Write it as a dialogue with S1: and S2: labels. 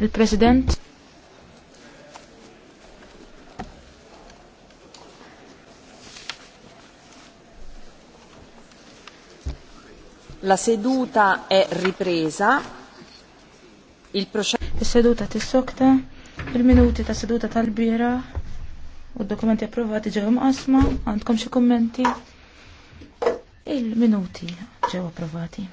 S1: Il-President.
S2: La seduta è ripresa.
S3: Il processo... Is-seduta tissokta, il-minuti ta' seduta tal-bira
S4: u dokumenti approvati ġew asma. għandkom xi kummenti? Il-minuti ġew approvati.